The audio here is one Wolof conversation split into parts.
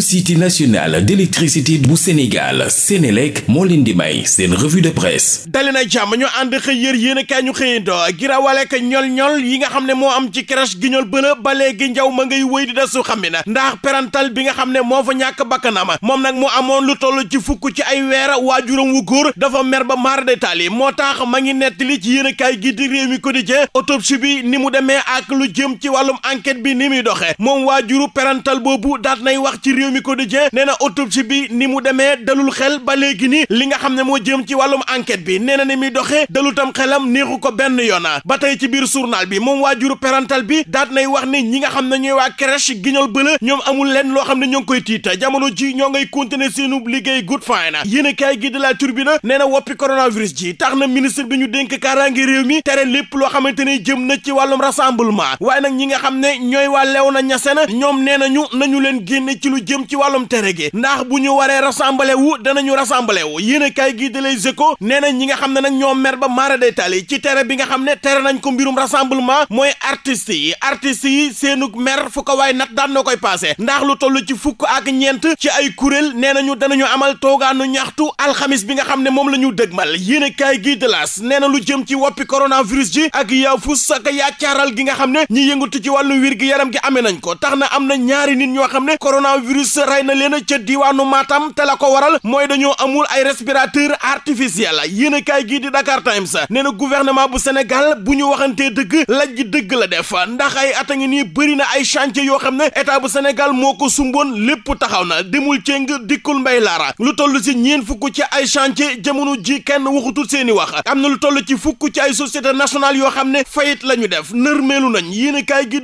société nationale d'électricité bu Sénégal Sénélec moo leen di may seen revue de presse dali na jàmm ñu ànd xëy yër yéen a ñu xëyandoo girawale ka ñol ñol yi nga xam ne moo am ci crèche gi ñol bëla ba léegi njaw ma ngay wéy di desu xam ne na ndax parental bi nga xam ne moo fa ñàkk bakkanama moom nag moo amoon lu toll ci fukk ci ay weer waajuram wu góor dafa mer ba maar détaal yi moo tax ma ngi nettali ci yéen kaay gi di réew mi quotidien autopsie ni mu demee ak lu jëm ci wàllum enquête ni muy doxee moom waajuru ci réew mi quotidien nee na autopsie bi ni mu demee dalul xel ba léegi ni li nga xam ne moo jëm ci wàllum enquête bi nee na ni muy doxee dalutam xelam neexu ko benn yoon ba tey ci biir journal bi moom waajuru parental bi daat nay wax ni ñi nga xam ne ñooy waa crèche giñol bëla ñoom amul lenn loo xam ne ñoo ngi koy tiita jamono ji ñoo ngay continuer seenu liggéey good fine yéen a kaay gi de la turbine nee na woppi coronavirus ji tax na ministre bi ñu dénk kaaraange réew mi tere lépp loo xamante ne jëm na ci wàllum rassemblement waaye nag ñi nga xam ne ñooy waa lew na ñoom nee nañu nañu leen génne ci lu jëm ci wàllum tere gi ndax bu ñu waree rassemblé wu danañu rassemblé wu yéen a kaay gii di Les Échos nee na ñi nga xam ne nag ñoo mer ba maara day tali ci tere bi nga xam ne tere nañ ko mbirum rassemblement mooy artistes yi artistes yi seenug mer fu ko waay nat daan na koy passé ndax lu toll ci fukk ak ñeent ci ay kuréel nee nañu danañu amal toogaanu ñaxtu alxamis bi nga xam ne moom la ñu dëgmal yéen a kaay gii de las nee na lu jëm ci woppi coronavirus ji ak yaafus ak yaacaaral gi nga xam ne ñi yëngatu ci wàllu wér gi yaram gi amee nañ ko tax am na ñaari nit ñoo xam virus rey na leen ca diwaanu Matam te la ko waral mooy dañoo amul ay respirateur artificiel yéen a kaay gii di Dakar Times nee na gouvernement bu Sénégal bu ñu waxantee dëgg laj gi dëgg la def ndax ay at a ngi nii bëri na ay chantier yoo xam ne état bu Sénégal moo ko sumboon lépp taxaw na demul ceng dikkul mbay laara lu toll ci ñeen fukk ci ay chantier jamono ji kenn waxutul seeni wax am na lu toll ci fukk ci ay société nationale yoo xam ne fayit la ñu def nërmeelu nañ yéen a kaay gii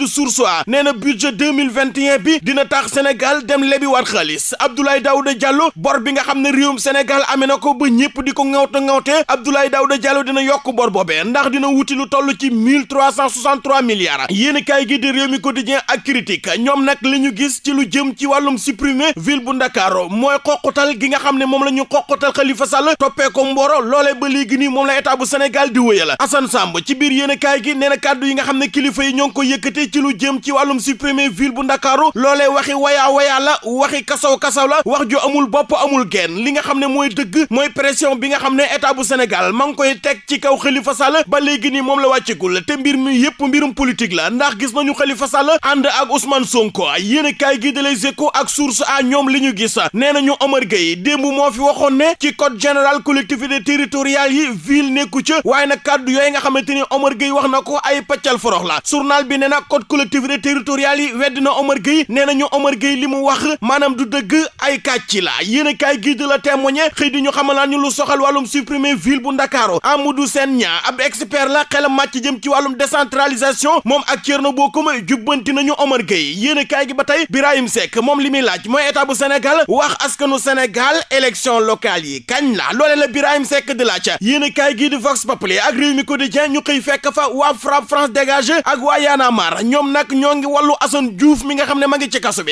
A nee na budget 2021 bi dina tax Sénégal dem lebiwaat xaalis Abdoulaye Daouda jallo bor bi nga xam ne réewum Sénégal amee na ko ba ñëpp di ko ŋawta ŋawte Abdoulaye Daouda Diallo dina yokk bor boobee ndax dina wuti lu toll ci mille trois cent soixante trois milliards yéen kaay gi di réew mi ak critique ñoom nag li ñu gis ci lu jëm ci wàllum supprimer ville bu Ndakaaru mooy xoqatal gi nga xam ne moom la ñu xoqatal Khalifa Sall toppee ko mbooro loolee ba léegi nii moom la état senegal Sénégal di wëyal Assane Samb ci biir yéen kaay gi nee na kàddu yi nga xam ne kilifa yi ñoo ko yëkkate ci lu jëm ci wàllum supprimer ville bu Ndakaaru loolee waxi wayaa la waxi kasaw-kasaw la wax ju amul bopp amul genn li nga xam ne mooy dëgg mooy pression bi nga xam ne état bu Sénégal ma ngi koy teg ci kaw Khalifa Sall ba léegi nii moom la wàccegul te mbir mi yëpp mbirum politique la ndax gis nañu Khalifa Sall ànd ak Ousmane Sonko yéen ay gi de Les Échos ak Source A ñoom li ñu gis nee nañu Omar Gueye démb moo fi waxoon ne ci code général collectivité territoriale yi ville nekku ca waaye nag kàddu yooyu nga xamante ni Omar Gueye wax na ko ay paccal forox la journal na code collectivité territoriale yi wedd na Omar Gueye wax maanaam du dëgg ay kàcc la yéen a kaay gii di la témoigné xëy di ñu xamalaan ñu lu soxal wàllum supprimer ville bu Ndakaaru Amadou Sène ña ab expert la xelam màcc jëm ci wàllum décentralisation moom ak Thierno Bocoum jubbanti nañu Omar Gueye yéen a kaay gi ba tey Birahim Seck moom li muy laaj mooy état bu Sénégal wax askanu Sénégal élection locale yi kañ la loole la Birahim Seck di laaj yéen a kaay gii di Vox Populi ak réew mi quotidien ñu xëy fekk fa waa FRAPP France dégage ak waa Yaana Mar ñoom nag ñoo ngi wàllu Assane Diouf mi nga xam ne ma ngi ci kaso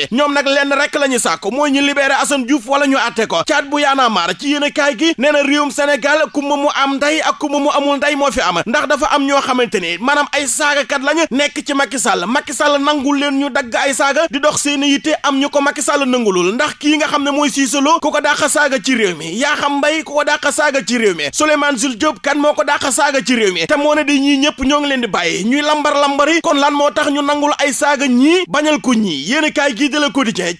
rek la ñu sàkk mooy ñu libéré Assane Diouf wala ñu àtte ko caat bu yaanaa maar ci yéen a kaay gi nee na réewum mu am nday ak kumba mu amul nday moo fi am ndax dafa am ñoo xamante ni maanaam ay saagakat lañu nekk ci Macky Sall Macky Sall nangul leen ñu dagg ay saaga di dox seen yitte am ñu ko Macky Sall nangulul ndax kii nga xam ne mooy Cissolo ku ko ko dàq saaga ci réew mi yaa xam mbay ku ko dàq saaga ci réew mi Souleymane Jules Diop kan moo ko dàq saaga ci réew mi te moo ne di ñëpp ñoo ngi leen di bàyyi ñuy lambar lambari kon lan moo tax ñu nangul ay saaga ñii bañal ko ñii yéen a kaay gii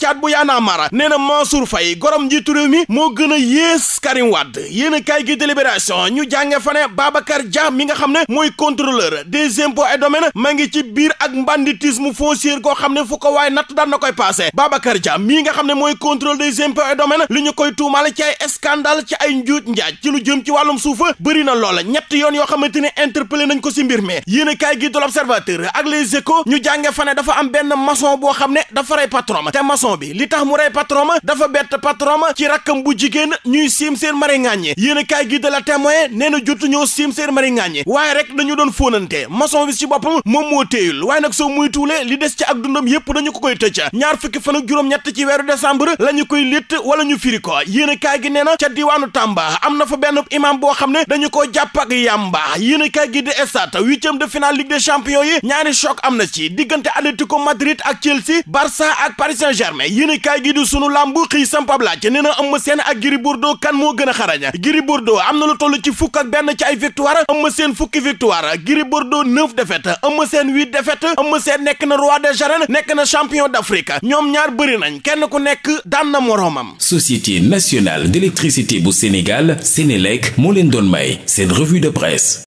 at bu yaanaa mara nee na Mansour Faye gorom njiitu réew mi moo gën a yées Karim Wade yéen a kaay gi délibération ñu jànge fa ne Babacar Dia mi nga xam ne mooy contrôleur des impôts et domaines ma ngi ci biir ak banditisme foncier goo xam ne fu ko waaye natt daan na koy passé Babacar Dia mii nga xam ne mooy contrôle des impôts et domaines li ñu koy tuumaale ci ay scandale ci ay njuuj njaaj ci lu jëm ci wàllum suufa bëri na loola ñett yoon yoo xamante ne interpellé nañ ko si mbir mi yéen a kaay gi de ak les ñu jànge fa ne dafa am benn maçon boo xam ne dafa rey patron te bi li tax mu rey patron ma dafa bett patron ma ci rakkam bu jigéen ñuy siim seen mari ŋàññe yéen a gi de la témoin nee na jotu ñoo siim seen mari ŋàññe waaye rek dañu doon fóonante maçon bi ci boppam moom moo téeyul waaye nag soo muy tuulee li des ci ak dundam yépp dañu ko koy tëcca ñaar fukki fan ak juróom-ñett ci weeru décembre la koy létt wala ñu firi ko yéen a kaay gi nee na ca diwaanu Tamba am na fa benn imam boo xam ne dañu koo jàpp ak yàmba yéen a kaay gi de estat huitième de finale Ligue des champions yi ñaari choc am na ci diggante Atlético Madrid ak Chelsea Barça ak Paris Saint-Germain yéenekaay gi du sunu làmb xëy sampab laaj nee na seen Sène ak Gris Bordeaux kan moo gën a xarañ Gris Bordeaux am na lu toll ci fukk ak benn ci ay victoire Eumeu Sène fukki victoire Gris Bordeaux neuf défaites Eumeu Sène huit défaites Eumeu Sène nekk na roi des arènes nekk na champion d'Afrique ñoom ñaar bëri nañ kenn ku nekk daan na moroomam. Société nationale d'électricité bu Sénégal Sénélec moo leen doon may seen revue de presse.